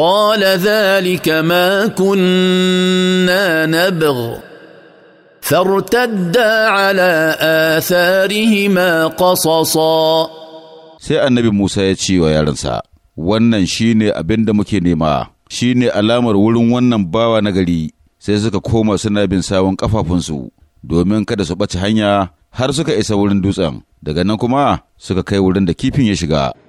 قال ذلك ما كنا نبغ فارتدا على آثارهما قصصا sai annabi Musa ya ce wa yaransa, Wannan shi ne abin da muke nema, shi ne alamar wurin wannan bawa na gari, sai suka koma suna bin sawun kafafunsu. domin kada su ɓace hanya har suka isa wurin dutsen, daga nan kuma suka kai wurin da kifin ya shiga.